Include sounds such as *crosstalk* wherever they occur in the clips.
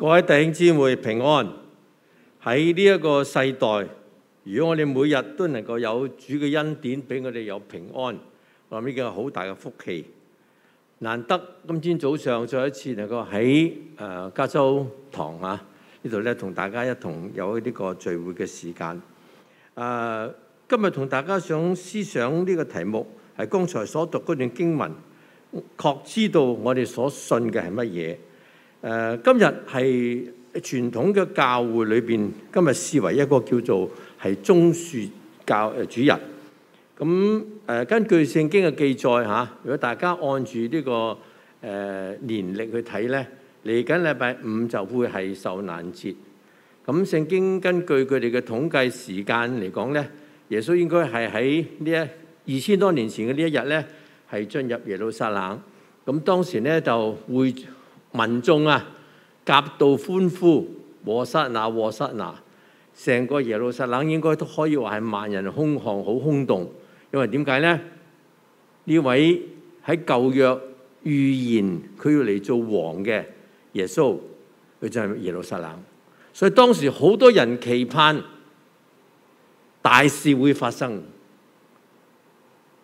各位弟兄姊妹平安！喺呢一個世代，如果我哋每日都能夠有主嘅恩典，俾我哋有平安，我諗呢個好大嘅福氣。難得今天早上再一次能夠喺誒、呃、加州堂啊呢度咧，同大家一同有呢個聚會嘅時間。誒、呃，今日同大家想思想呢個題目，係剛才所讀嗰段經文，確知道我哋所信嘅係乜嘢。誒、呃、今日係傳統嘅教會裏邊，今日視為一個叫做係棕樹教誒主日。咁誒、呃、根據聖經嘅記載嚇、啊，如果大家按住呢、這個誒、呃、年歷去睇咧，嚟緊禮拜五就會係受難節。咁聖經根據佢哋嘅統計時間嚟講咧，耶穌應該係喺呢一二千多年前嘅呢一日咧，係進入耶路撒冷。咁當時咧就會。民眾啊，夾道歡呼，和散那和散那，成個耶路撒冷應該都可以話係萬人空巷，好轟動。因為點解咧？呢位喺舊約預言佢要嚟做王嘅耶穌，佢就係耶路撒冷。所以當時好多人期盼大事會發生，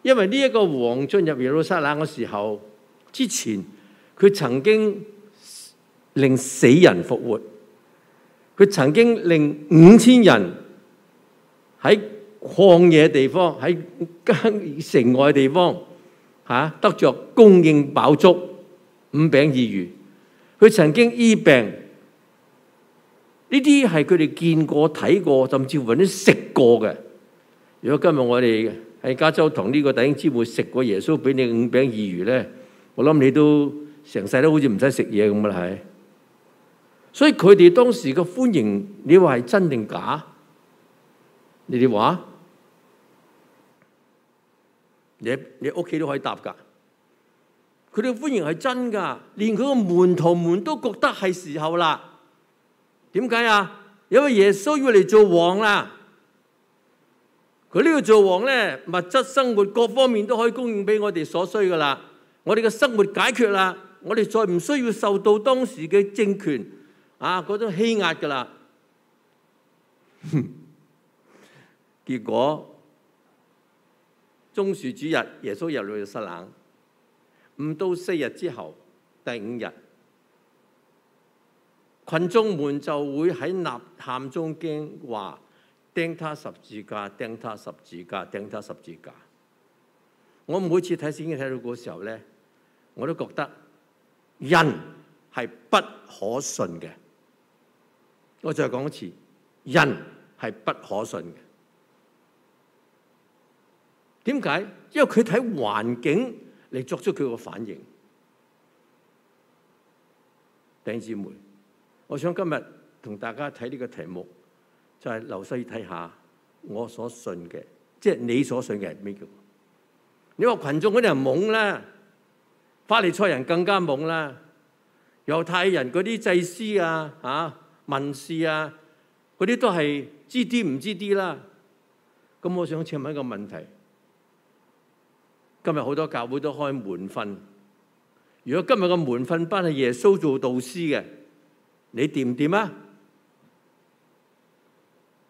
因為呢一個王進入耶路撒冷嘅時候之前，佢曾經。令死人復活，佢曾經令五千人喺曠野地方，喺城外嘅地方嚇得着供應飽足五餅二魚。佢曾經醫病，呢啲係佢哋見過睇過甚至乎啲食過嘅。如果今日我哋喺加州同呢個弟兄姊妹食過耶穌俾你五餅二魚咧，我諗你都成世都好似唔使食嘢咁啦！係所以佢哋當時嘅歡迎，你話係真定假？你哋話，你你屋企都可以答㗎。佢哋嘅歡迎係真㗎，連佢嘅門徒們都覺得係時候啦。點解啊？因為耶穌要嚟做王啦。佢呢個做王咧，物質生活各方面都可以供應畀我哋所需㗎啦。我哋嘅生活解決啦，我哋再唔需要受到當時嘅政權。.啊！嗰種欺壓㗎喇， *laughs* 結果棕樹主日耶穌入去就失冷，唔到四日之後，第五日群眾們就會喺吶喊中驚話釘他十字架，釘他十字架，釘他十字架。我每次睇《聖經》睇到嗰個時候咧，我都覺得人係不可信嘅。我再講一次，人係不可信嘅。點解？因為佢睇環境嚟作出佢個反應。弟兄姊妹，我想今日同大家睇呢個題目，就係留心睇下我所信嘅，即係你所信嘅係咩叫？你話群眾嗰啲人懵啦，法利賽人更加懵啦，猶太人嗰啲祭司啊嚇。啊問事啊，嗰啲都係知啲唔知啲啦。咁我想請問一個問題：今日好多教會都開門訓，如果今日個門訓班係耶穌做導師嘅，你掂唔掂啊？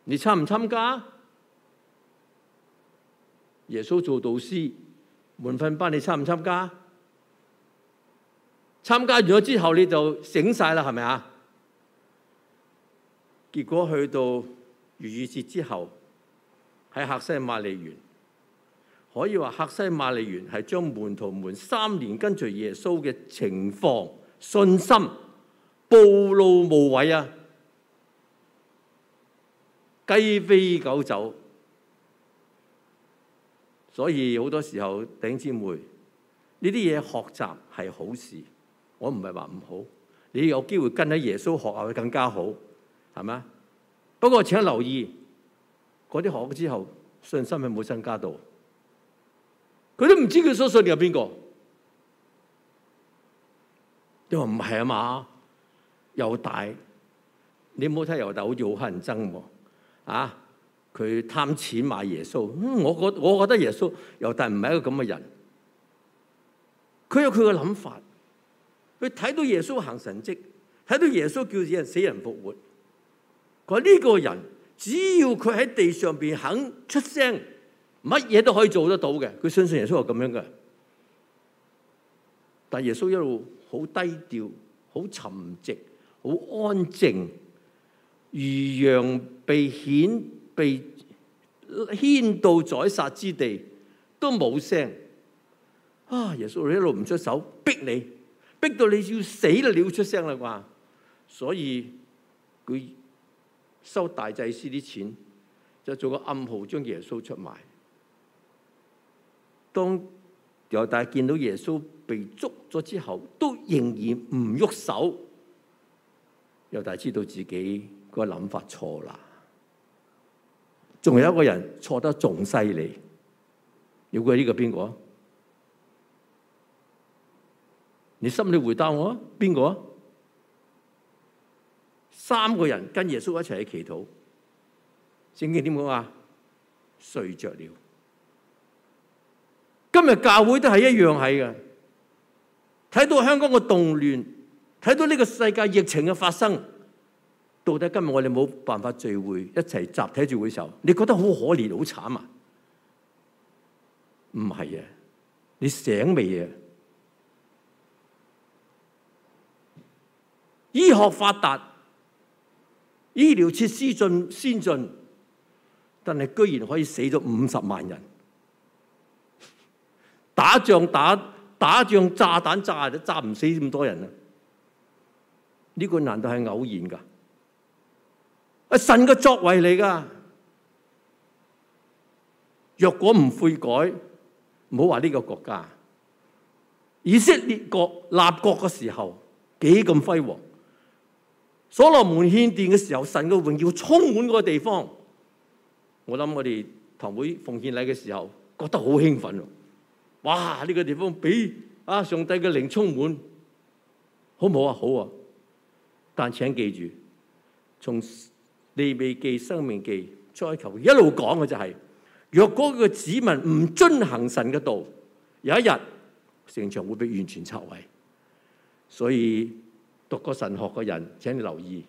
你參唔參加？耶穌做導師門訓班，你參唔參加？參加完咗之後你就醒晒啦，係咪啊？結果去到逾越節之後，喺客西馬利園，可以話客西馬利園係將門徒們三年跟隨耶穌嘅情況、信心、暴露無遺啊！雞飛狗走，所以好多時候弟兄姊妹呢啲嘢學習係好事，我唔係話唔好，你有機會跟喺耶穌學下會更加好。係嘛？不過我請留意，嗰啲學咗之後，信心係冇增加到。佢都唔知佢所信係邊個。因為唔係啊嘛，猶大，你唔好睇猶大好似好乞人憎喎。啊，佢貪錢買耶穌，嗯、我覺我覺得耶穌猶大唔係一個咁嘅人。佢有佢嘅諗法。佢睇到耶穌行神蹟，睇到耶穌叫自己人死人復活。佢呢個人只要佢喺地上邊肯出聲，乜嘢都可以做得到嘅。佢相信耶穌係咁樣嘅。但耶穌一路好低調、好沉寂、好安靜，如羊被牽被牽到宰殺之地，都冇聲。啊！耶穌一路唔出手逼你，逼到你要死啦，你要出聲啦啩。所以佢。收大祭司啲錢，就做個暗號將耶穌出賣。當猶大見到耶穌被捉咗之後，都仍然唔喐手，猶大知道自己個諗法錯啦。仲有一個人錯得仲犀利，如果呢個邊個？你心裏回答我啊，邊個啊？三個人跟耶穌一齊去祈禱，聖經點講啊？睡着了。今日教會都係一樣係嘅，睇到香港嘅動亂，睇到呢個世界疫情嘅發生，到底今日我哋冇辦法聚會一齊集體聚會嘅時候，你覺得好可憐、好慘啊？唔係啊，你醒未啊？醫學發達。醫療設施進先進，但係居然可以死咗五十萬人。打仗打打仗，炸彈炸都炸唔死咁多人啊！呢、呢個難道係偶然噶？啊，神嘅作為嚟噶！若果唔悔改，唔好話呢個國家，以色列國立國嘅時候幾咁輝煌。所羅門獻殿嘅時候，神嘅榮耀充滿嗰個地方。我諗我哋堂會奉獻禮嘅時候，覺得好興奮。哇！呢、這個地方俾啊上帝嘅靈充滿，好唔好啊？好啊！但請記住，從利未記、申命記、再求一路講嘅就係、是，若果個子民唔遵行神嘅道，有一日城牆會被完全拆毀。所以。讀過神學嘅人，請你留意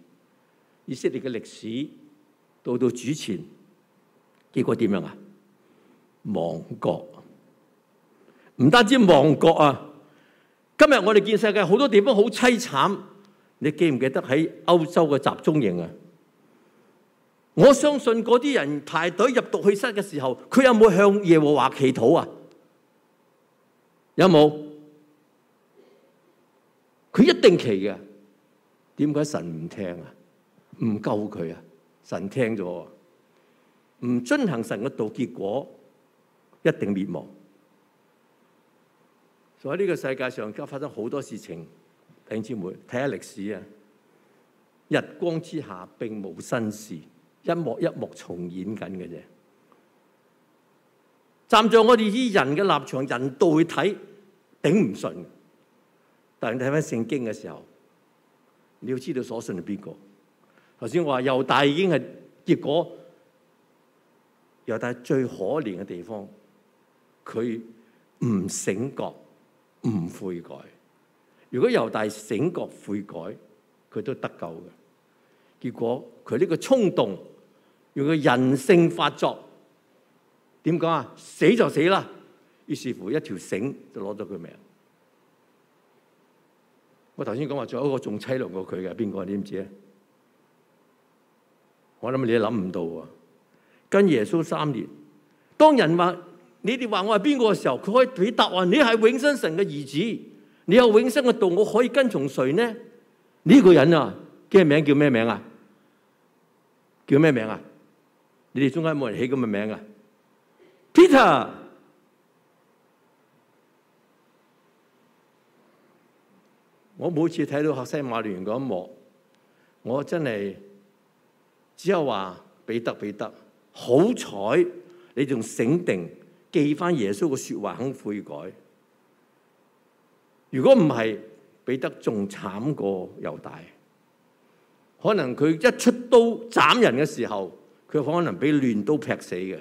以色列嘅歷史到到主前，結果點樣啊？亡國，唔單止亡國啊！今日我哋見世界好多地方好淒慘，你記唔記得喺歐洲嘅集中營啊？我相信嗰啲人排隊入毒氣室嘅時候，佢有冇向耶和華祈禱啊？有冇？佢一定祈嘅。點解神唔聽啊？唔救佢啊？神聽咗，唔遵行神嘅道，結果一定滅亡。所以呢個世界上而家發生好多事情，弟兄姊妹睇下歷史啊！日光之下並冇新事，一幕一幕重演緊嘅啫。站在我哋依人嘅立場、人道去睇，頂唔順。但係你睇翻聖經嘅時候，你要知道所信係邊個？頭先我話猶大已經係結果，猶大最可憐嘅地方，佢唔醒覺，唔悔改。如果猶大醒覺悔改，佢都得救嘅。結果佢呢個衝動，用佢人性發作，點講啊？死就死啦！於是乎一條繩就攞咗佢命。我頭先講話仲有一個仲淒涼過佢嘅，邊個你知唔知啊？我諗你諗唔到喎。跟耶穌三年，當人話你哋話我係邊個嘅時候，佢可以答我：「你係永生神嘅兒子，你有永生嘅道，我可以跟從誰呢？呢、這個人啊，嘅名叫咩名啊？叫咩名啊？你哋中間冇人起咁嘅名啊？Peter。我每次睇到《客西馬尼》嗰一幕，我真係只有話彼得彼得，彼得好彩你仲醒定，記返耶穌嘅說話肯悔改。如果唔係，彼得仲慘過猶大。可能佢一出刀斬人嘅時候，佢可能被亂刀劈死嘅。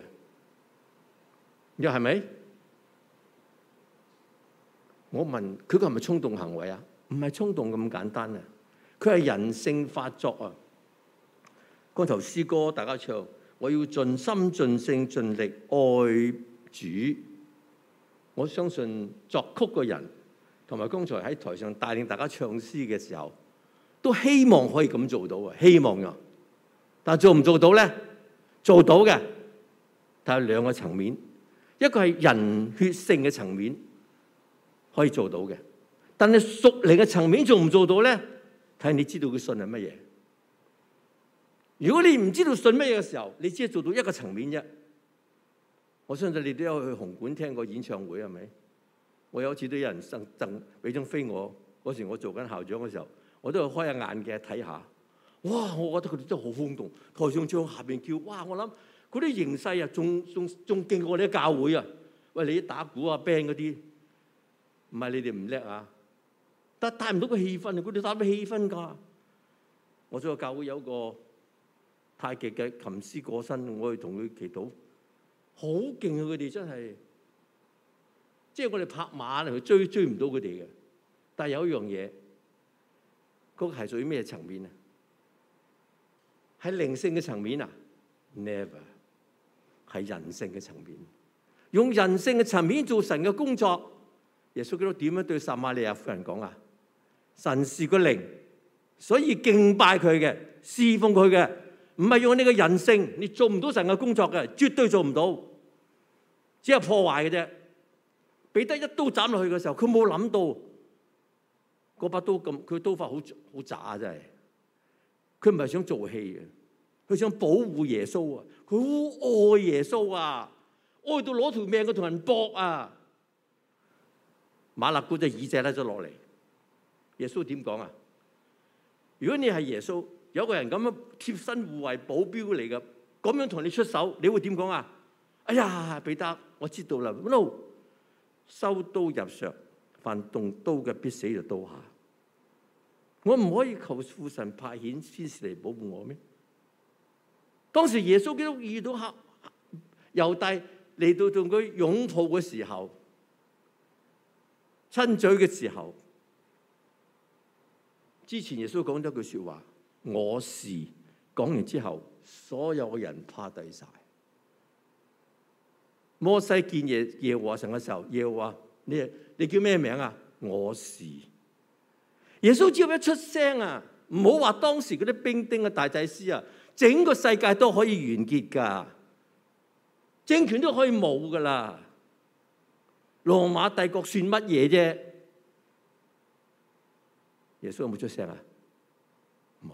又係咪？我問佢、這個、是係咪衝動行為啊？唔係衝動咁簡單啊！佢係人性發作啊！光頭詩歌大家唱，我要盡心盡性盡力愛主。我相信作曲嘅人同埋剛才喺台上帶領大家唱詩嘅時候，都希望可以咁做到啊！希望㗎，但係做唔做到咧？做到嘅，但係兩個層面，一個係人血性嘅層面，可以做到嘅。但係屬靈嘅層面做唔做到咧？睇下你知道佢信係乜嘢。如果你唔知道信乜嘢嘅時候，你只係做到一個層面啫。我相信你都有去紅館聽過演唱會係咪？我有一次都有人贈贈俾張飛，我嗰時我做緊校長嘅時候，我都去開下眼界睇下。哇！我覺得佢哋真係好轟動，台上唱下邊叫。哇！我諗嗰啲形勢啊，仲仲仲經過我哋啲教會啊。喂，你啲打鼓啊 band 嗰啲，唔係你哋唔叻啊！帶唔到個氣氛，佢哋帶唔氣氛噶。我做個教會有一個太極嘅琴師過身，我哋同佢祈禱，好勁啊！佢哋真係，即、就、係、是、我哋拍馬嚟追，追唔到佢哋嘅。但係有一樣嘢，嗰個係屬於咩層面啊？喺靈性嘅層面啊？Never，係人性嘅層面，用人性嘅層面做成嘅工作。耶穌基督點樣對撒瑪利亞夫人講啊？神是個靈，所以敬拜佢嘅，侍奉佢嘅，唔係用呢個人性，你做唔到神嘅工作嘅，絕對做唔到，只有破壞嘅啫。彼得一刀斬落去嘅時候，佢冇諗到嗰把刀咁，佢刀法好好渣真係。佢唔係想做戲嘅，佢想保護耶穌啊！佢好愛耶穌啊，愛到攞條命去同人搏啊！馬勒古隻耳仔咧咗落嚟。耶穌點講啊？如果你係耶穌，有個人咁樣貼身護衛保鏢嚟嘅，咁樣同你出手，你會點講啊？哎呀，彼得，我知道啦，no，收刀入鞘，凡動刀嘅必死就刀下。我唔可以求父神派遣天使嚟保護我咩？當時耶穌基督遇到哈猶大嚟到同佢擁抱嘅時候，親嘴嘅時候。之前耶穌講咗句説話：我是。講完之後，所有嘅人趴低晒。摩西見耶耶和華神嘅時候，耶和華：你你叫咩名啊？我是。耶穌只要一出聲啊，唔好話當時嗰啲兵丁啊、大祭司啊，整個世界都可以完結㗎，政權都可以冇㗎啦，羅馬帝國算乜嘢啫？耶穌有冇出聲啊？冇，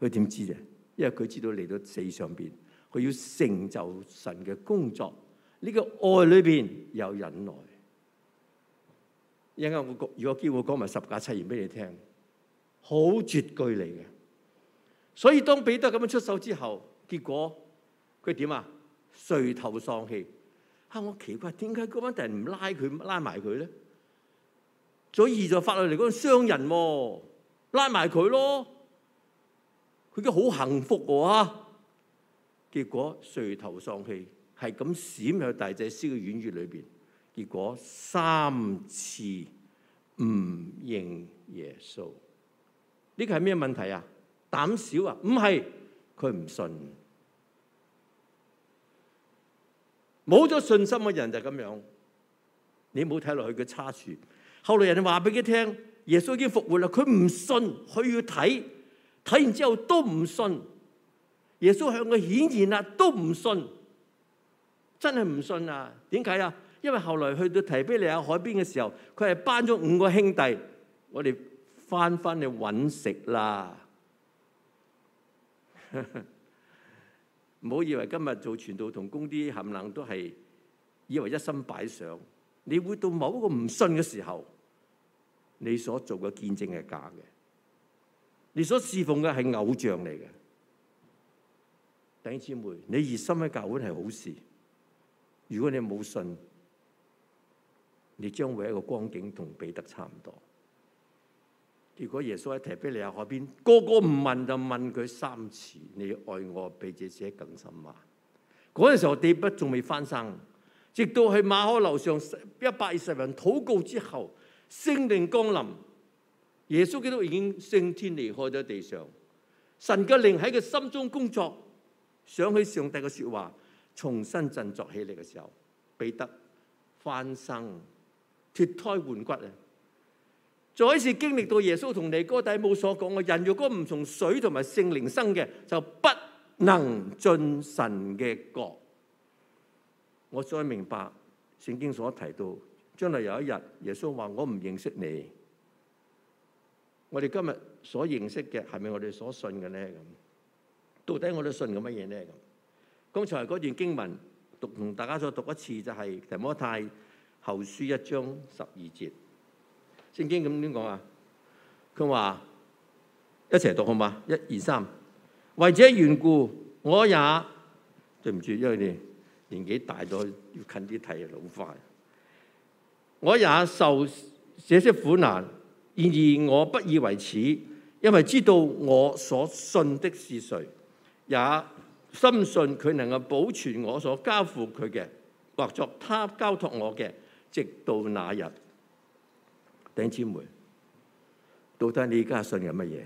佢點知啫？因為佢知道嚟到世上邊，佢要成就神嘅工作。呢個愛裏邊有忍耐。一陣我如果叫我講埋十架七言俾你聽，好絕句嚟嘅。所以當彼得咁樣出手之後，結果佢點啊？垂頭喪氣。吓、啊，我奇怪，點解嗰班人唔拉佢，拉埋佢咧？咗二就法律嚟講傷人喎。啊，拉埋佢咯。佢家好幸福喎啊！結果垂頭喪氣，係咁閃入大祭司嘅軟語裏邊。結果三次唔認耶穌。呢個係咩問題啊？膽小啊？唔係，佢唔信。冇咗信心嘅人就係咁樣。你冇睇落去嘅差處。後來人哋話俾佢聽，耶穌已經復活啦，佢唔信，佢要睇，睇完之後都唔信，耶穌向佢顯現啦，都唔信，真係唔信啊！點解啊？因為後來去到提比利亞海邊嘅時候，佢係班咗五個兄弟，我哋翻翻去搵食啦。唔 *laughs* 好以為今日做傳道同工啲冚冷都係以為一心擺上。你會到某一個唔信嘅時候，你所做嘅見證係假嘅，你所侍奉嘅係偶像嚟嘅。弟兄姊妹，你熱心喺教會係好事。如果你冇信，你將會一個光景同彼得差唔多。如果耶穌喺提比利亞海邊個個唔問就問佢三次，你愛我比這些更深嘛？嗰陣時候地不仲未翻生。直到喺馬可樓上一百二十人禱告之後，聖靈降臨，耶穌基督已經升天離開咗地上，神嘅靈喺佢心中工作，想起上帝嘅說話，重新振作起嚟嘅時候，彼得翻生脫胎換骨啊！再一次經歷到耶穌同尼哥底母所講嘅，人如果唔從水同埋聖靈生嘅，就不能進神嘅國。我再明白聖經所提到，將來有一日耶穌話我唔認識你，我哋今日所認識嘅係咪我哋所信嘅咧？咁到底我哋信嘅乜嘢咧？咁剛才嗰段經文讀同大家再讀一次就係、是、提摩太後書一章十二節，聖經咁點講啊？佢話一齊讀好嘛？一二三，為這緣故，我也對唔住，因為你。年紀大咗，要近啲睇老花。我也受這些苦難，然而我不以為恥，因為知道我所信的是誰，也深信佢能夠保存我所交付佢嘅，或作他交託我嘅，直到那日。弟兄姊妹，到底你而家信嘅乜嘢？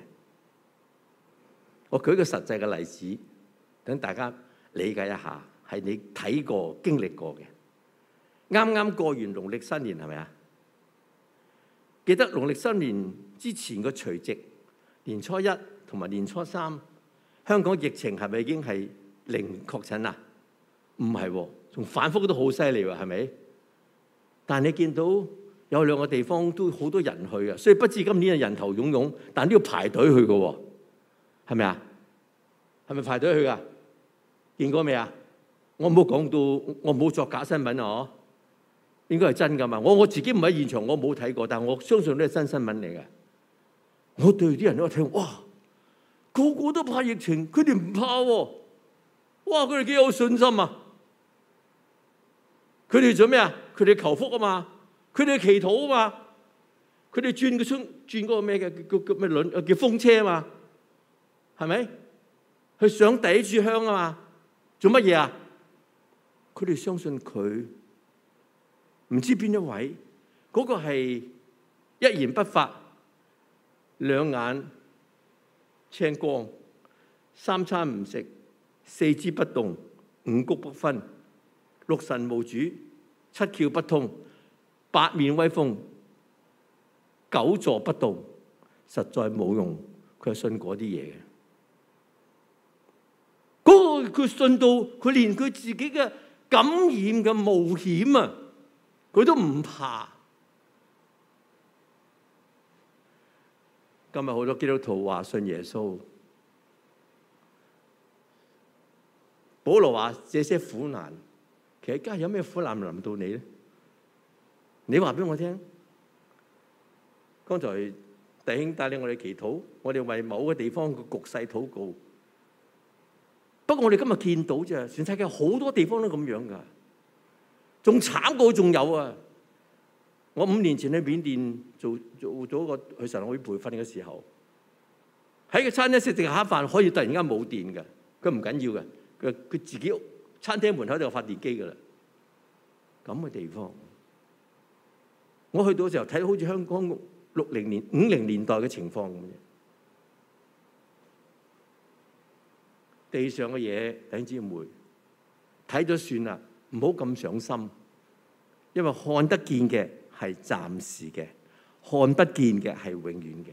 我舉個實際嘅例子，等大家理解一下。係你睇過、經歷過嘅。啱啱過完農曆新年係咪啊？記得農曆新年之前個除夕、年初一同埋年初三，香港疫情係咪已經係零確診啊？唔係，仲反覆都好犀利啊，係咪？但係你見到有兩個地方都好多人去啊，所以不知今年啊人頭湧湧，但都要排隊去嘅，係咪啊？係咪排隊去噶？見過未啊？我冇講到，我冇作假新聞我嗬，應該係真噶嘛？我我自己唔喺現場，我冇睇過，但係我相信都係真新聞嚟嘅。我對啲人都聽，哇，個個都怕疫情，佢哋唔怕喎、啊，哇！佢哋幾有信心啊？佢哋做咩啊？佢哋求福啊嘛，佢哋祈禱啊嘛，佢哋轉個窗轉嗰個咩嘅？叫叫咩輪？叫風車啊嘛，係咪？去上第一炷香啊嘛，做乜嘢啊？佢哋相信佢唔知邊一位，嗰個係一言不發，兩眼青光，三餐唔食，四肢不動，五穀不分，六神無主，七竅不通，八面威風，久坐不動，實在冇用。佢係信嗰啲嘢嘅，嗰個佢信到佢連佢自己嘅。感染嘅冒險啊，佢都唔怕。今日好多基督徒話信耶穌，保羅話：這些苦難，其實有咩苦難臨到你呢？你話俾我聽。剛才弟兄帶領我哋祈禱，我哋為某個地方嘅局勢禱告。不過我哋今日見到啫，全世界好多地方都咁樣噶，仲慘過仲有啊！我五年前去緬甸做做做個去神學院培訓嘅時候，喺個餐廳食食下飯，可以突然間冇電嘅。佢唔緊要嘅，佢佢自己屋餐廳門口就有發電機噶啦。咁嘅地方，我去到嘅時候睇到好似香港六零年、五零年代嘅情況咁。地上嘅嘢，弟兄姊妹睇咗算啦，唔好咁上心，因為看得見嘅係暫時嘅，看不見嘅係永遠嘅。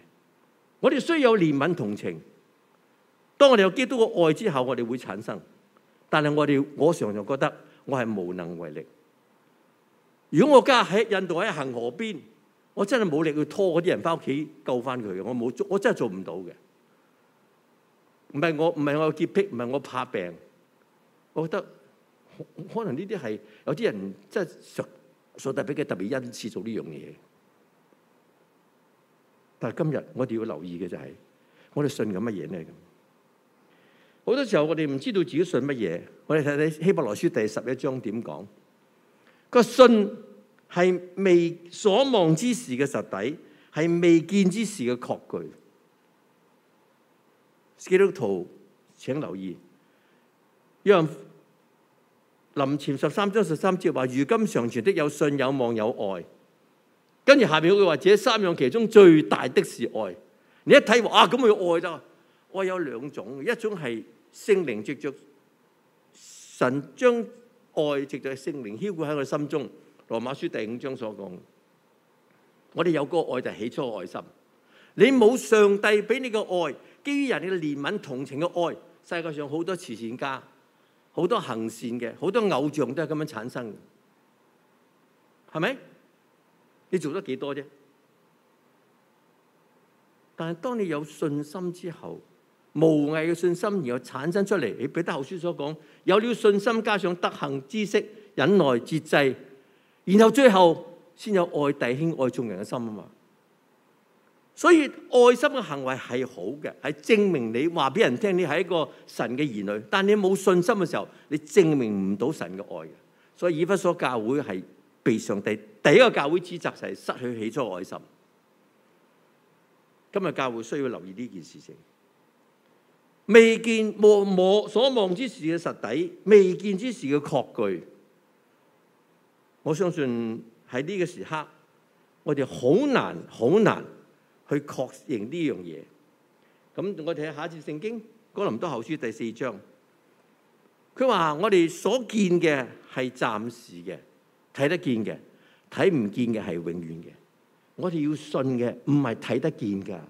我哋需要憐憫同情，當我哋有基督嘅愛之後，我哋會產生。但係我哋，我常常覺得我係無能為力。如果我家喺印度喺恆河邊，我真係冇力去拖嗰啲人翻屋企救翻佢嘅，我冇，我真係做唔到嘅。唔係我，唔係我有潔癖，唔係我怕病。我覺得可能呢啲係有啲人真係特特別特別恩賜做呢樣嘢。但係今日我哋要留意嘅就係、是、我哋信緊乜嘢咧？好多時候我哋唔知道自己信乜嘢。我哋睇睇希伯來書第十一章點講。個信係未所望之事嘅實底，係未見之事嘅確據。基督徒，請留意，因林前十三章十三節話：如今常存的有信、有望、有愛。跟住下面佢話，這三樣其中最大的是愛。你一睇話啊，咁嘅愛就，愛有兩種，一種係聖靈藉着神將愛藉在聖靈，堅固喺我心中。羅馬書第五章所講，我哋有嗰個愛就係起初愛心。你冇上帝俾你嘅愛。基於人嘅憐憫、同情嘅愛，世界上好多慈善家、好多行善嘅、好多偶像都係咁樣產生嘅，係咪？你做得幾多啫？但係當你有信心之後，無畏嘅信心，然後產生出嚟。你彼得後書所講，有了信心，加上德行知識、忍耐節制，然後最後先有愛弟兄、愛眾人嘅心啊嘛。所以愛心嘅行為係好嘅，係證明你話俾人聽，你係一個神嘅兒女。但你冇信心嘅時候，你證明唔到神嘅愛嘅。所以以弗所教會係被上帝第，第一個教會指責就係失去起初愛心。今日教會需要留意呢件事情。未見莫莫所望之事嘅實底，未見之事嘅確據。我相信喺呢個時刻，我哋好難，好難。去確認呢樣嘢，咁我哋睇下下一節聖經《哥林多後書》第四章，佢話：我哋所見嘅係暫時嘅，睇得見嘅，睇唔見嘅係永遠嘅。我哋要信嘅唔係睇得見噶，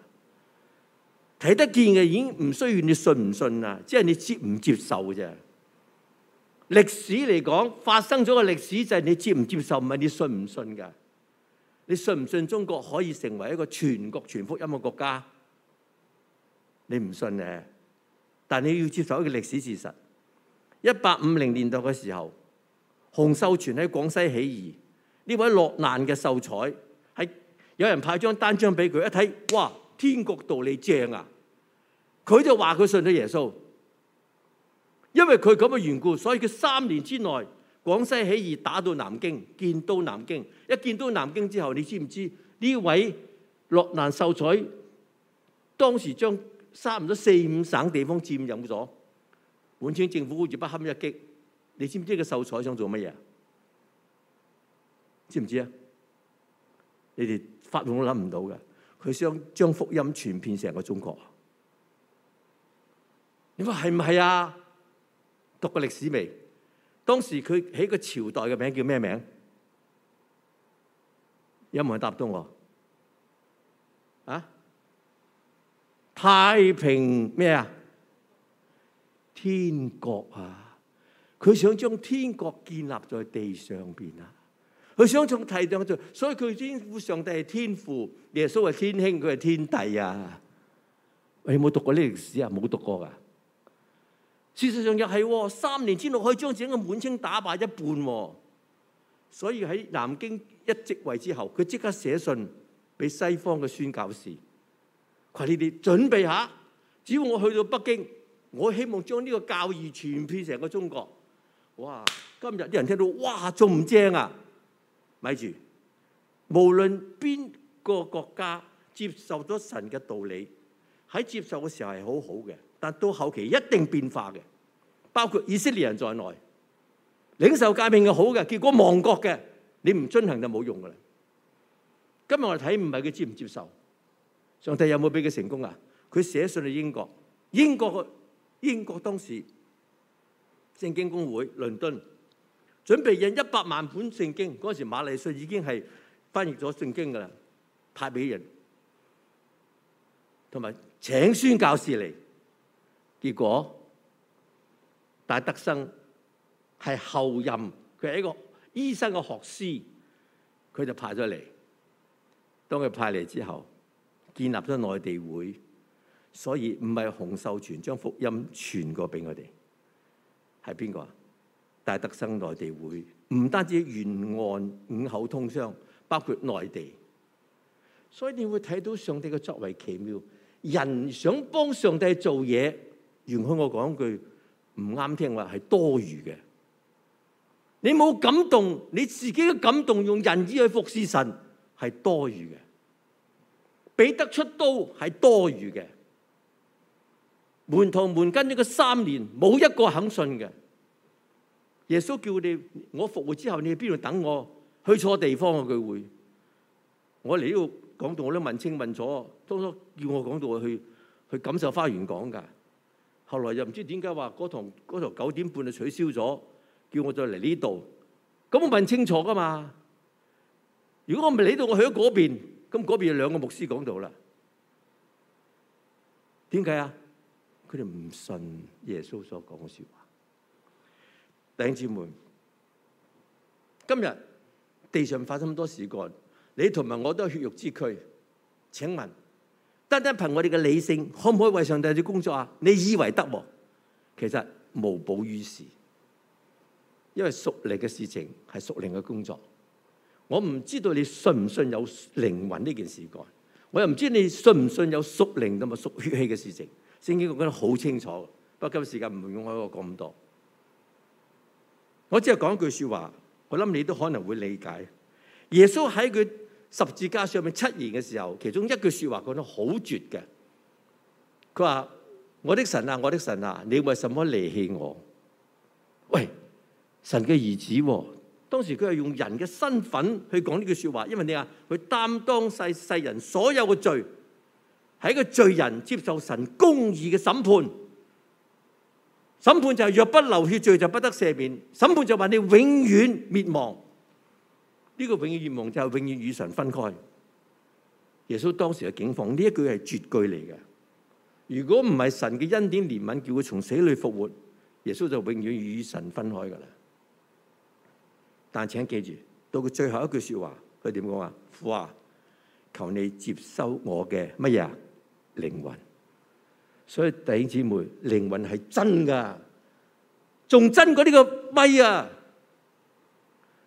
睇得見嘅已經唔需要你信唔信啦，即係你接唔接受啫。歷史嚟講發生咗個歷史就係你接唔接受，唔係你信唔信噶。你信唔信中國可以成為一個全國全福音嘅國家？你唔信嘅，但你要接受一個歷史事實：一八五零年代嘅時候，洪秀全喺廣西起義，呢位落難嘅秀才，係有人派張單張俾佢，一睇，哇！天國道理正啊，佢就話佢信咗耶穌，因為佢咁嘅緣故，所以佢三年之內。廣西起義打到南京，建都南京。一建都南京之後，你知唔知呢位落難秀才當時將差唔多四五省地方佔有咗，滿清政府好似不堪一擊。你知唔知個秀才想做乜嘢？知唔知啊？你哋發夢都諗唔到嘅，佢想將福音傳遍成個中國。你話係唔係啊？讀過歷史未？當時佢起個朝代嘅名叫咩名？有冇人答到我啊？太平咩啊？天國啊！佢想將天國建立在地上邊啊！佢想從提倡做，所以佢天父上帝係天父，耶穌係天兄，佢係天帝啊！你有冇讀過呢歷史啊？冇讀過噶、啊。事實上又係、哦，三年之內可以將整個滿清打敗一半、哦。所以喺南京一職位之後，佢即刻寫信俾西方嘅宣教士，話你哋準備下。只要我去到北京，我希望將呢個教義傳遍成個中國。哇！今日啲人聽到，哇，仲唔正啊？咪住，無論邊個國家接受咗神嘅道理，喺接受嘅時候係好好嘅。但到後期一定變化嘅，包括以色列人在內，領袖革命嘅好嘅結果，亡國嘅你唔進行就冇用噶啦。今日我哋睇唔係佢接唔接受，上帝有冇俾佢成功啊？佢寫信去英國，英國個英國當時聖經公會，倫敦準備印一百萬本聖經，嗰時馬禮遜已經係翻譯咗聖經噶啦，派俾人，同埋請宣教師嚟。結果戴德生係後任，佢係一個醫生嘅學師，佢就派咗嚟。當佢派嚟之後，建立咗內地會，所以唔係洪秀全將福音傳過俾我哋，係邊個啊？戴德生內地會，唔單止沿岸五口通商，包括內地，所以你會睇到上帝嘅作為奇妙。人想幫上帝做嘢。容許我講句唔啱聽話，係多餘嘅。你冇感動，你自己嘅感動，用仁義去服侍神係多餘嘅。彼得出刀係多餘嘅。門徒門跟呢個三年，冇一個肯信嘅。耶穌叫你我復活之後，你去邊度等我？去錯地方啊！佢會，我嚟呢度講道我都問清問楚，當初叫我講道去去錦繡花園講噶。後來又唔知點解話嗰堂嗰堂九點半就取消咗，叫我再嚟呢度。咁我問清楚㗎嘛？如果我唔嚟到，我去咗嗰邊，咁嗰邊有兩個牧師講道啦。點解啊？佢哋唔信耶穌所講嘅說話。弟兄姊妹，今日地上發生咁多事幹，你同埋我都係血肉之軀，請問？單單憑我哋嘅理性，可唔可以為上帝做工作啊？你以為得，其實無補於事。因為屬靈嘅事情係屬靈嘅工作。我唔知道你信唔信有靈魂呢件事干，我又唔知你信唔信有屬靈同埋屬血氣嘅事情。聖經講得好清楚，不過今時間唔會用開我咁多。我只係講一句說話，我諗你都可能會理解。耶穌喺佢。十字架上面七言嘅時候，其中一句説話講得好絕嘅。佢話：我的神啊，我的神啊，你為什麼離棄我？喂，神嘅兒子喎、哦！當時佢係用人嘅身份去講呢句説話，因為你啊？佢擔當世世人所有嘅罪，係一個罪人接受神公義嘅審判。審判就係若不流血罪就不得赦免，審判就話你永遠滅亡。呢、這個永遠願望就係、是、永遠與神分開。耶穌當時嘅警防，呢一句係絕句嚟嘅。如果唔係神嘅恩典憐憫，叫佢從死裏復活，耶穌就永遠與神分開噶啦。但請記住，到佢最後一句説話，佢點講呀？父啊，求你接收我嘅乜嘢？靈魂。所以弟兄姊妹，靈魂係真噶，仲真過呢個咪啊！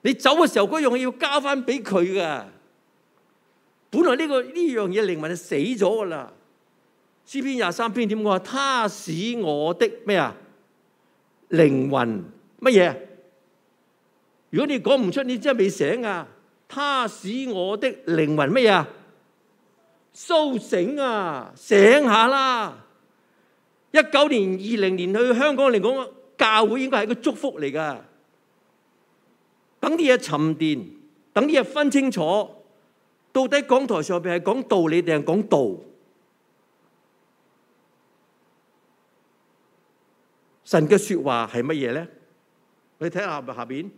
你走嘅時候嗰樣嘢要交返俾佢噶，本來呢個呢樣嘢靈魂係死咗噶啦。詩篇廿三篇點講？他使我的咩啊？靈魂乜嘢？如果你講唔出，你真係未醒啊！他使我的靈魂乜嘢？蘇醒啊！醒下啦！一九年、二零年去香港嚟講，教會應該係一個祝福嚟噶。等啲嘢沉澱，等啲嘢分清楚，到底講台上邊係講道理定係講道？神嘅說話係乜嘢咧？你睇下下邊，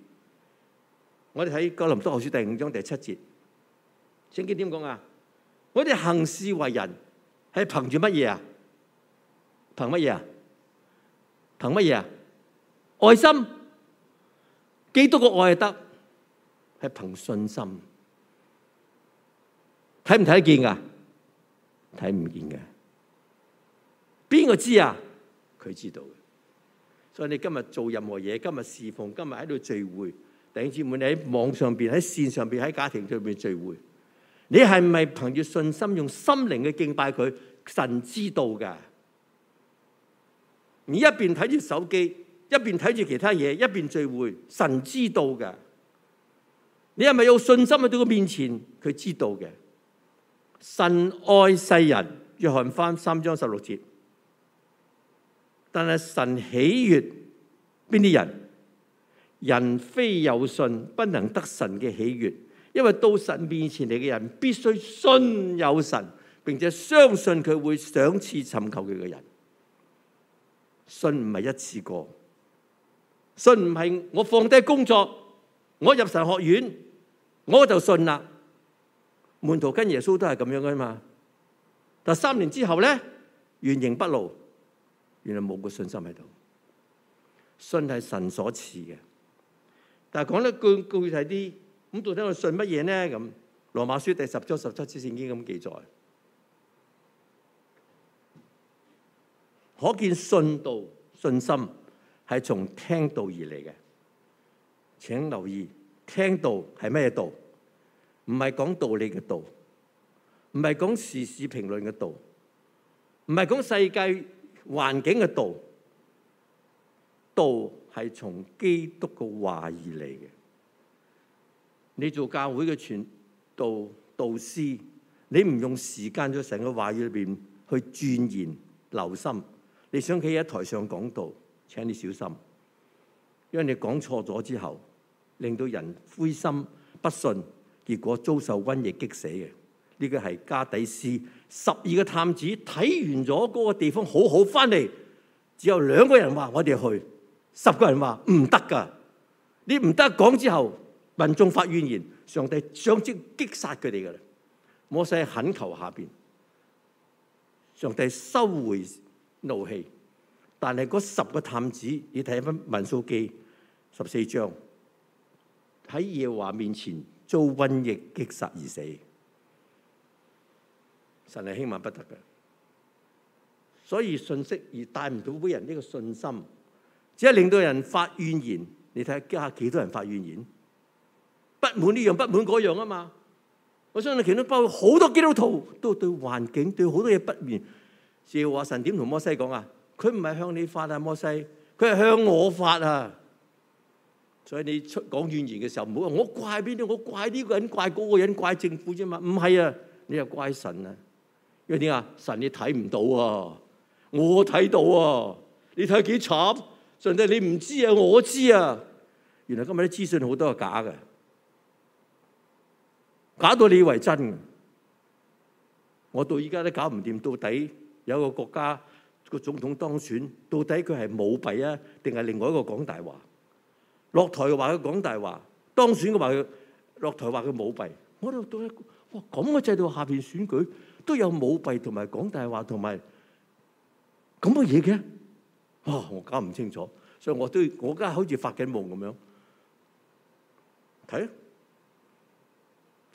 我哋喺《哥林多後書》第五章第七節，聖經點講啊？我哋行事為人係憑住乜嘢啊？憑乜嘢啊？憑乜嘢啊？愛心。基督嘅愛係得，係憑信心，睇唔睇得見噶？睇唔見噶，邊個知啊？佢知道嘅。所以你今日做任何嘢，今日侍奉，今日喺度聚會，弟兄姊妹，你喺網上邊、喺線上邊、喺家庭上面聚會，你係咪憑住信心，用心靈嘅敬拜佢？神知道噶。你一邊睇住手機。一邊睇住其他嘢，一邊聚會，神知道嘅。你係咪有信心去到佢面前？佢知道嘅。神愛世人，約翰翻三章十六節。但係神喜悦邊啲人？人非有信不能得神嘅喜悦，因為到神面前嚟嘅人必須信有神，並且相信佢會賞賜尋求佢嘅人。信唔係一次過。信唔係我放低工作，我入神學院，我就信啦。門徒跟耶穌都係咁樣噶嘛。但三年之後咧，原形畢露，原來冇個信心喺度。信係神所賜嘅。但係講得具體啲，咁到底我信乜嘢呢？咁羅馬書第十章十七節聖經咁記載，可見信道信心。是從聽道而嚟嘅，請留意聽道是咩道？唔係講道理嘅道，唔係講時事評論嘅道，唔係講世界環境嘅道，道。道係從基督嘅話而嚟嘅。你做教會嘅傳道導師，你唔用時間喺成個話語裏面去鑽研留心，你想企喺台上講道？請你小心，因為你講錯咗之後，令到人灰心不信，結果遭受瘟疫激死嘅。呢個係加低斯十二個探子睇完咗嗰個地方好好，翻嚟只有兩個人話我哋去，十個人話唔得噶。你唔得講之後，民眾發怨言，上帝想即擊殺佢哋㗎喇。我喺懇求下邊，上帝收回怒氣。但係嗰十個探子，你睇翻民數記十四章，喺耶和華面前遭瘟疫擊殺而死，神係輕慢不得嘅。所以信息而帶唔到俾人呢個信心，只係令到人發怨言。你睇下家下幾多人發怨言，不滿呢樣不滿嗰樣啊嘛！我相信其中包括好多基督徒都對環境對好多嘢不滿。耶和華神點同摩西講啊？佢唔係向你發啊，摩西，佢係向我發啊。所以你出講怨言嘅時候，唔好話我怪邊啲，我怪呢個人、怪嗰個人、怪政府啫嘛。唔係啊，你又怪神啊。因為點啊？神你睇唔到啊，我睇到啊。你睇下幾慘？上帝你唔知啊，我知啊。原來今日啲資訊好多係假嘅，假到你以為真。我到依家都搞唔掂，到底有一個國家。個總統當選，到底佢係舞弊啊，定係另外一個講大話？落台嘅話佢講大話，當選嘅話佢落台話佢舞弊。我哋到一個哇咁嘅制度下邊選舉都有舞弊同埋講大話同埋咁嘅嘢嘅，哇！我搞唔清楚，所以我都我家好似發緊夢咁樣，睇，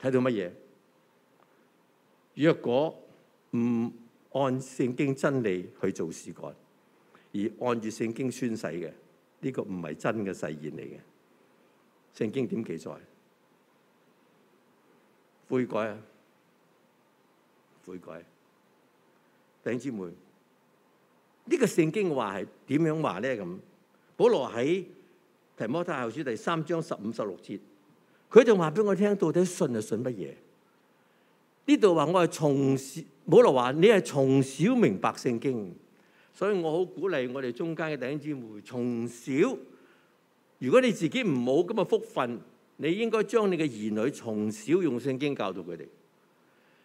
睇到乜嘢？若果唔按聖經真理去做事干，而按住聖經宣誓嘅，呢個唔係真嘅誓言嚟嘅。聖經點記載？悔改啊，悔改，頂姊妹！呢個聖經話係點樣話咧？咁保羅喺提摩太後書第三章十五十六節，佢就話俾我聽，到底信係信乜嘢？呢度話我係從小，保羅話你係從小明白聖經，所以我好鼓勵我哋中間嘅弟兄姊妹從小，如果你自己唔冇咁嘅福分，你應該將你嘅兒女從小用聖經教導佢哋。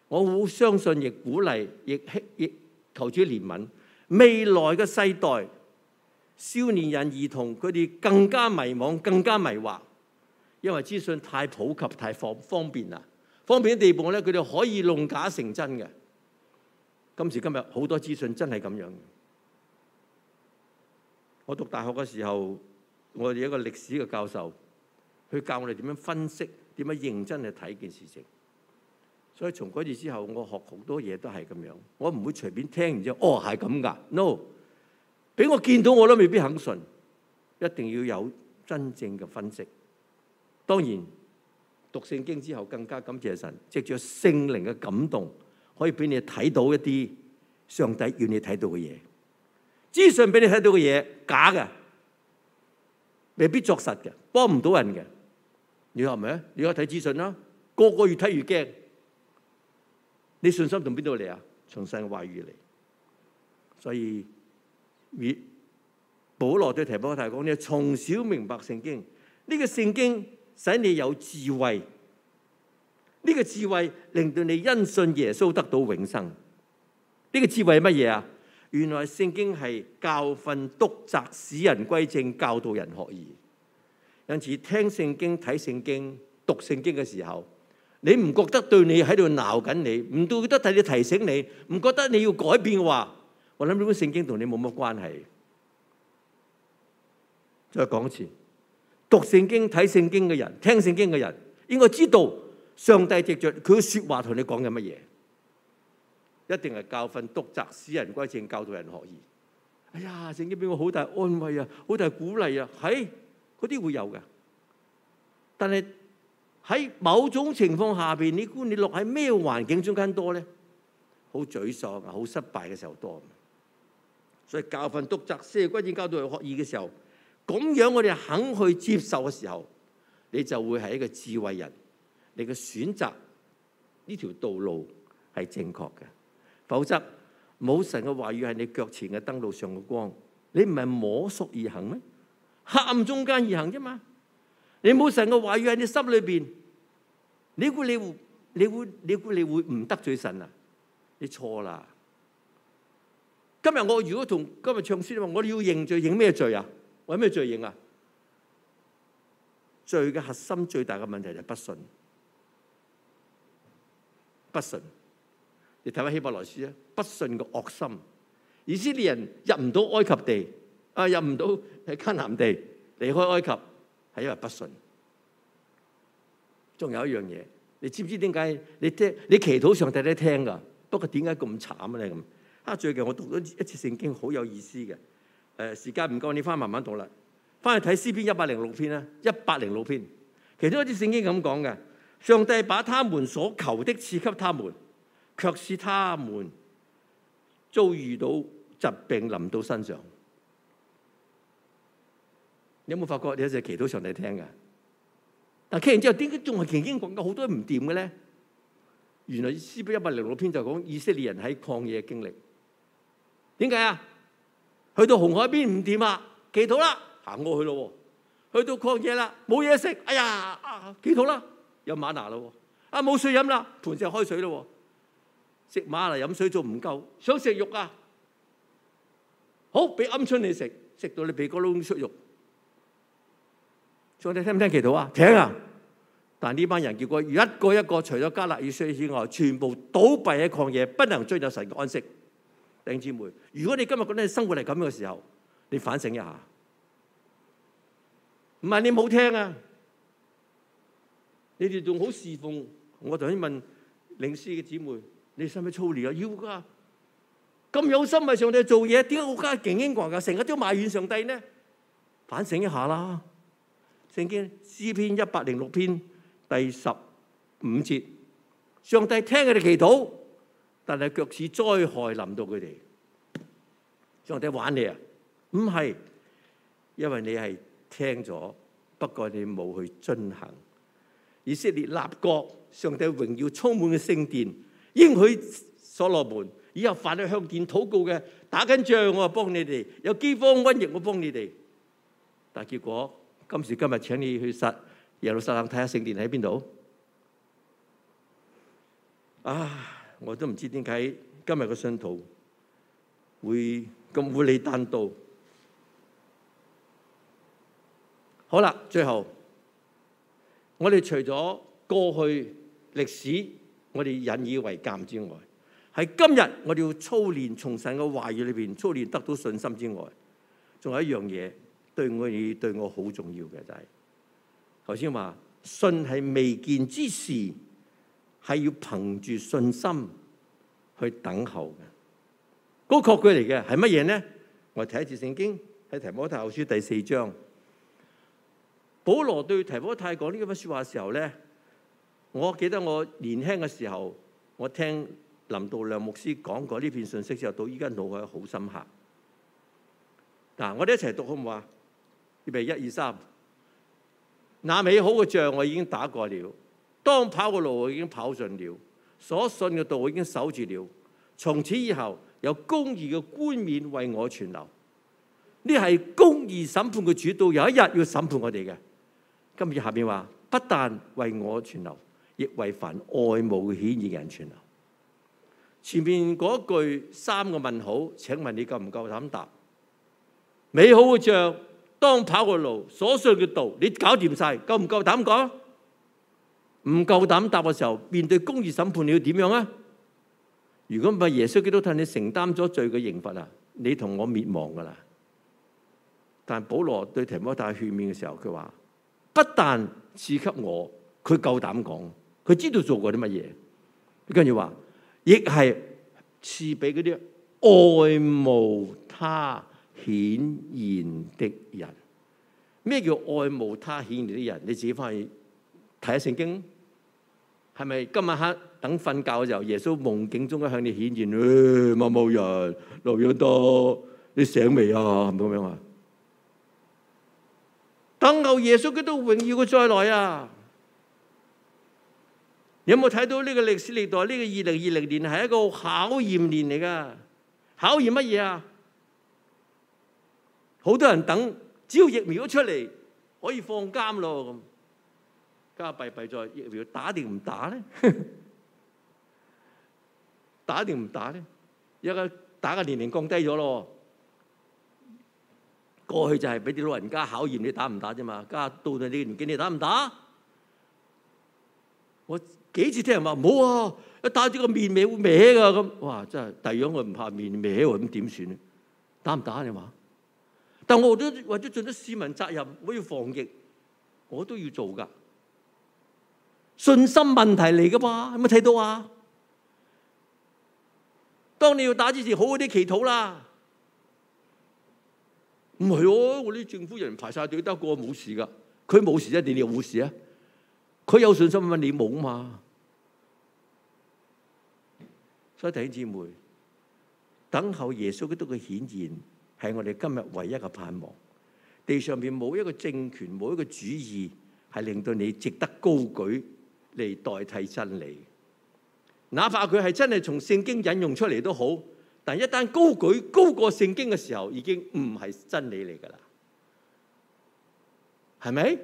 我好相信，亦鼓勵，亦亦求主憐憫未來嘅世代少年人、兒童，佢哋更加迷惘，更加迷惑，因為資訊太普及，太方方便啦。方便嘅地步咧，佢哋可以弄假成真嘅。今時今日好多資訊真係咁樣的。我讀大學嘅時候，我哋一個歷史嘅教授去教我哋點樣分析、點樣認真去睇件事情。所以從嗰次之後，我學好多嘢都係咁樣。我唔會隨便聽，然之後，哦係咁㗎。No，俾我見到我都未必肯信。一定要有真正嘅分析。當然。讀聖經之後更加感謝神，藉住聖靈嘅感動，可以俾你睇到一啲上帝要你睇到嘅嘢。資訊俾你睇到嘅嘢假嘅，未必作實嘅，幫唔到人嘅。你話咪？係？你話睇資訊啦，個個越睇越驚，你信心同邊度嚟啊？從神話語嚟。所以，以，保羅對提摩太講：你從小明白聖經，呢、這個聖經。使你有智慧，呢個智慧令到你因信耶穌得到永生。呢個智慧係乜嘢啊？原來聖經係教訓、督責、使人歸正、教導人學義。因此聽聖經、睇聖經、讀聖經嘅時候，你唔覺得對你喺度鬧緊你，唔覺得睇你提醒你，唔覺得你要改變嘅話，我諗呢本聖經同你冇乜關係。再講一次。讀聖經、睇聖經嘅人，聽聖經嘅人，應該知道上帝藉著佢嘅說話同你講緊乜嘢，一定係教訓、督責、使人歸正、教導人學義。哎呀，聖經俾我好大安慰啊，好大鼓勵啊，係嗰啲會有嘅。但係喺某種情況下邊，你觀你落喺咩環境中間多咧，好沮喪、好失敗嘅時候多。所以教訓、督責、使人歸正、教導人學義嘅時候。咁樣我哋肯去接受嘅時候，你就會係一個智慧人，你嘅選擇呢條道路係正確嘅，否則冇神嘅話語係你腳前嘅燈路上嘅光，你唔係摸索而行咩？黑暗中間而行啫嘛。你冇神嘅話語喺你心裏邊，你估你，你，你會，你估你估你會唔得罪神啊？你錯啦。今日我如果同今日唱詩你話，我哋要認罪，認咩罪啊？我有咩罪認啊？罪嘅核心最大嘅問題就係不信，不信。你睇翻希伯來書，啊，不信嘅惡心，以色列人入唔到埃及地，啊入唔到喺迦南地，離開埃及係因為不信。仲有一樣嘢，你知唔知點解？你聽你祈禱上帝都聽噶，不過點解咁慘咧咁？啊，最近我讀咗一次聖經，好有意思嘅。誒，時間唔夠，你翻去慢慢讀啦，翻去睇詩篇一百零六篇啦，一百零六篇，其中一啲聖經咁講嘅，上帝把他們所求的賜給他們，卻使他們遭遇到疾病臨到身上。你有冇發覺你有時祈禱上帝聽嘅，但係傾完之後點解仲係祈禱講緊好多唔掂嘅咧？原來詩篇一百零六篇就講以色列人喺曠野嘅經歷，點解啊？去到紅海邊唔掂啊，祈禱啦，行過去咯。去到曠野啦，冇嘢食，哎呀，啊祈禱啦，飲瑪拿啦。啊冇水飲啦，磐石開水啦。食瑪拿飲水仲唔夠，想食肉啊。好，俾鵪鶉你食，食到你鼻哥窿出肉。上帝聽唔聽祈禱啊？請啊！但呢班人結果一個一個，除咗加勒與水以外，全部倒閉喺曠野，不能進入神嘅安息。弟兄姊妹，如果你今日覺得生活係咁樣嘅時候，你反省一下。唔係你冇聽啊，你哋仲好侍奉。我就先問領詩嘅姊妹，你使唔使操練啊？要噶，咁有心為上帝做嘢，點解我家勁英國噶，成日都埋怨上帝呢？反省一下啦。聖經詩篇一百零六篇第十五節，上帝聽佢哋祈禱。但係腳趾災害臨到佢哋，上帝玩你啊？唔係，因為你係聽咗，不過你冇去遵行。以色列立國，上帝榮耀充滿嘅聖殿，應許所羅門以後凡去向殿禱告嘅，打緊仗我啊幫你哋，有饑荒瘟疫我幫你哋。但係結果今時今日請你去殺，耶路撒冷睇下聖殿喺邊度？啊！我都唔知點解今日個信徒會咁無理單刀。好啦，最後我哋除咗過去歷史我哋引以為鑑之外，喺今日我哋要操練從神嘅話語裏邊操練得到信心之外，仲有一樣嘢對我哋對我好重要嘅就係頭先話信係未見之事。係要憑住信心去等候嘅，嗰個確據嚟嘅係乜嘢呢？我睇一次聖經喺提摩太後書第四章，保羅對提摩太講呢份說話嘅時候咧，我記得我年輕嘅時候，我聽林道亮牧師講過呢篇信息之後，到依家腦海好深刻。嗱，我哋一齊讀好唔好啊？預備一二三，那美好嘅仗我已經打過了。當跑嘅路我已經跑盡了，所信嘅道我已經守住了。從此以後，有公義嘅冠冕為我存留。呢係公義審判嘅主到有一日要審判我哋嘅。今日下邊話，不但為我存留，亦為凡愛慕顯現人存留。」前面嗰句三個問號，請問你夠唔夠膽答？美好嘅仗，當跑嘅路，所信嘅道，你搞掂晒，夠唔夠膽講？唔夠膽答嘅時候，面對公義審判你要點樣啊？如果唔係耶穌基督替你承擔咗罪嘅刑罰啊，你同我滅亡噶啦。但保羅對提摩太勸勉嘅時候，佢話不但賜給我，佢夠膽講，佢知道做過啲乜嘢。跟住話，亦係賜俾嗰啲愛慕他顯現的人。咩叫愛慕他顯現啲人？你自己翻去睇下聖經。係咪今晚黑等瞓覺嘅時候，耶穌夢境中向你顯現？冇、哎、人路要多，你醒未啊？咁樣話等候耶穌基督榮耀嘅再來啊！有冇睇到呢個歷史年代？呢、這個二零二零年係一個考驗年嚟噶，考驗乜嘢啊？好多人等，只要疫苗出嚟可以放監咯咁。家閉閉在疫苗要打定唔打咧？打定唔打咧？而 *laughs* 家打嘅年齡降低咗咯。過去就係俾啲老人家考驗，你打唔打啫嘛。家到咗啲年紀，你打唔打？我幾次聽人話唔好啊，一打咗個面歪會歪噶咁。哇！真係第二樣我唔怕面歪喎，咁點算咧？打唔打你話？但我都為咗盡咗市民責任，我要防疫，我都要做噶。信心問題嚟㗎嘛？有冇睇到啊？當你要打之時，好啲祈禱啦。唔係喎，我啲政府人排曬隊得過冇事㗎。佢冇事，一定你冇事啊。佢有信心，問你冇啊嘛？所以弟兄姊妹，等候耶穌基督嘅顯現係我哋今日唯一嘅盼望。地上邊冇一個政權，冇一個主義係令到你值得高舉，嚟代替真理，哪怕佢係真係從聖經引用出嚟都好，但一旦高舉高過聖經嘅時候，已經唔係真理嚟噶啦，係咪？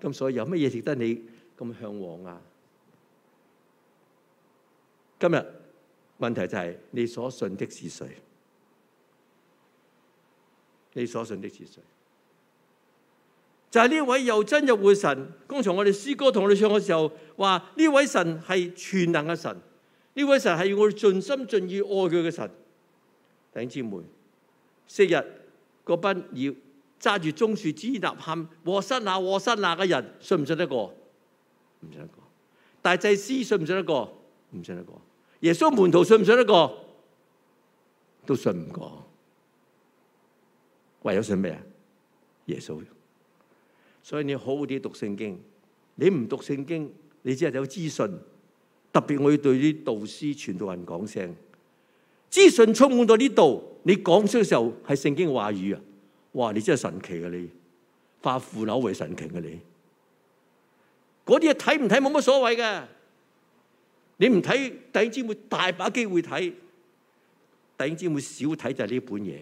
咁所以有乜嘢值得你咁向往啊？今日問題就係你所信的是誰？你所信的是誰？就係、是、呢位又真又活神，剛才我哋詩歌同我哋唱嘅時候，話呢位神係全能嘅神，呢位神係要我哋盡心盡意愛佢嘅神。弟兄姊妹，昔日嗰班要揸住棕樹枝吶喊和散那和散那嘅人信唔信得過？唔信得過。大祭司信唔信得過？唔信得過。耶穌門徒信唔信得過？都信唔過。唯有信咩啊？耶穌。所以你好好啲讀聖經，你唔讀聖經，你只係有，有資訊。特別我要對啲導師、傳道人講聲，資訊充滿到呢度，你講出嘅時候係聖經話語啊！哇，你真係神奇啊！你化腐朽為神奇嘅，啊、你，嗰啲嘢睇唔睇冇乜所謂嘅。你唔睇，突然之間會大把機會睇，突然之間會少睇就係呢本嘢。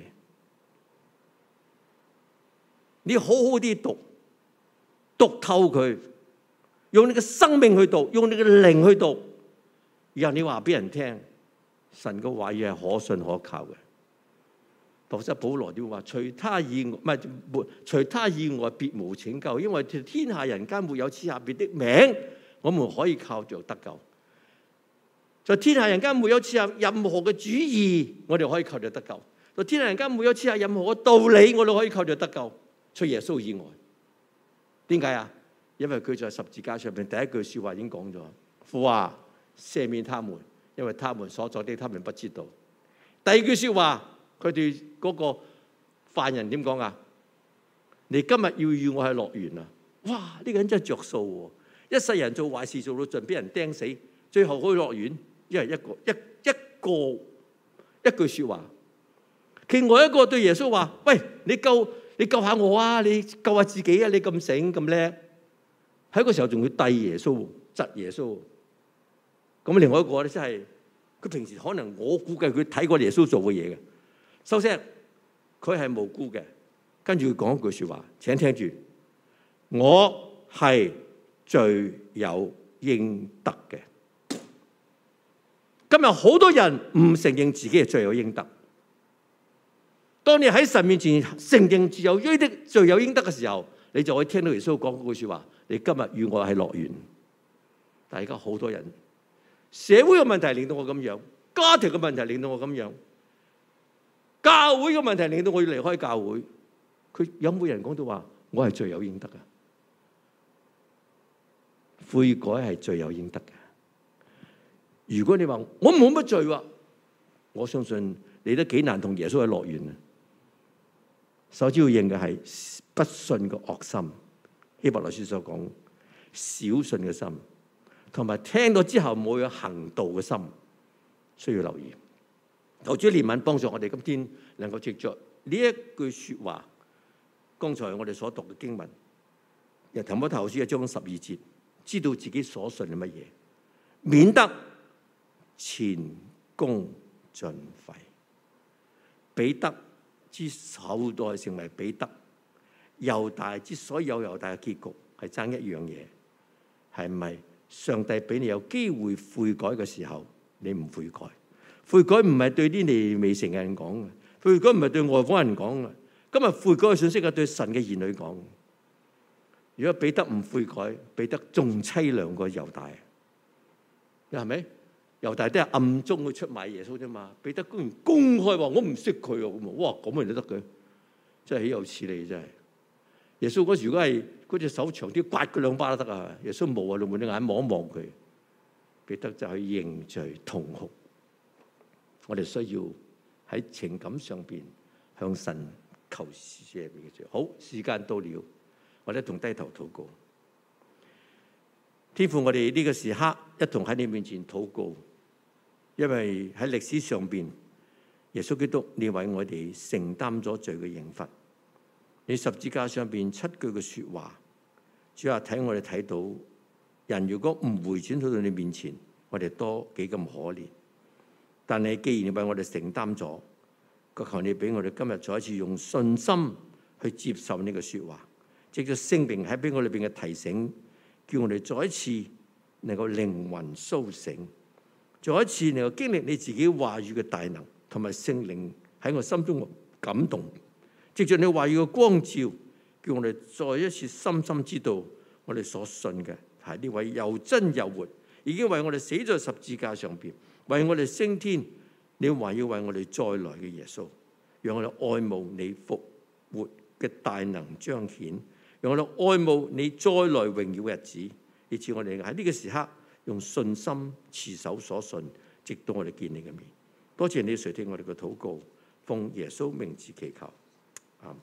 你好好啲讀。讀透佢，用你嘅生命去讀，用你嘅靈去讀。然後你話俾人聽，神嘅話語係可信可靠嘅。否則保羅點話？除他以外，唔係沒，除他以外別無拯救。因為天下人間沒有賜下別的名，我們可以靠著得救。就天下人間沒有賜下任何嘅主義，我哋可以靠著得救。就天下人間沒有賜下任何嘅道理，我哋可以靠著得救。除耶穌以外。點解啊？因為佢在十字架上面第一句說話已經講咗，父啊，赦免他們，因為他們所作的他們不知道。第二句說話，佢哋嗰個犯人點講啊？你今日要與我去樂園啊。哇！呢、這個人真係着數喎，一世人做壞事做到盡，俾人釘死，最後去樂園，一人一個，一一個一,一句說話，另外一個對耶穌話，喂，你夠？你救下我啊！你救下自己啊！你咁醒咁叻，喺個時候仲要遞耶穌、窒耶穌。咁另外一個咧，即係佢平時可能我估計佢睇過耶穌做嘅嘢嘅。收聲，佢係無辜嘅。跟住佢講一句說話，請聽住，我係罪有應得嘅。今日好多人唔承認自己係罪有應得。當你喺神面前承認自有應的罪有應得嘅時候，你就可以聽到耶穌講嗰句說話：「你今日與我係樂園。」但係而家好多人，社會嘅問題令到我咁樣，家庭嘅問題令到我咁樣，教會嘅問題令到我要離開教會。佢有冇人講到話我係罪有應得啊？悔改係罪有應得嘅。如果你話我冇乜罪，我相信你都幾難同耶穌喺樂園啊！首先要認嘅係不信嘅惡心，希伯來書所講小信嘅心，同埋聽到之後冇有行道嘅心，需要留意。求主憐憫幫助我哋，今天能夠接住呢一句說話。剛才我哋所讀嘅經文，又提摩太後書一章十二節，知道自己所信係乜嘢，免得前功盡廢，彼得。之後代成為彼得，猶大之所有猶大嘅結局係爭一樣嘢，係咪上帝俾你有機會悔改嘅時候，你唔悔改？悔改唔係對啲你未信嘅人講嘅，悔改唔係對外邦人講嘅，今日悔改嘅信息係對神嘅兒女講。如果彼得唔悔改，彼得仲淒涼過猶大，啱唔啱？由大啲暗中去出賣耶穌啫嘛，彼得居然公開話我唔識佢喎。咁啊，哇咁樣都得嘅，真係豈有此理真係！耶穌嗰時如果係嗰隻手長啲，刮佢兩巴都得啊！耶穌冇啊，用兩隻眼望一望佢，彼得就去認罪痛哭。我哋需要喺情感上邊向神求赦免嘅罪。好，時間到了，我哋一同低頭禱告。天父，我哋呢個時刻一同喺你面前禱告。因為喺歷史上邊，耶穌基督你為我哋承擔咗罪嘅刑罰，你十字架上邊七句嘅說話，主要睇我哋睇到人如果唔回轉到到你面前，我哋多幾咁可憐。但係既然為我哋承擔咗，求你俾我哋今日再一次用信心去接受呢個說話，即係叫聖靈喺俾我裏邊嘅提醒，叫我哋再一次能夠靈魂蘇醒。再一次嚟，經歷你自己話語嘅大能，同埋聖靈喺我心中感動，藉着你話語嘅光照，叫我哋再一次深深知道我哋所信嘅係呢位又真又活，已經為我哋死咗十字架上邊，為我哋升天，你還要為我哋再來嘅耶穌，讓我哋愛慕你復活嘅大能彰顯，讓我哋愛慕你再來榮耀嘅日子，以至我哋喺呢個時刻。用信心持守所信，直到我哋見你嘅面。多謝你垂聽我哋嘅禱告，奉耶穌名字祈求，啊！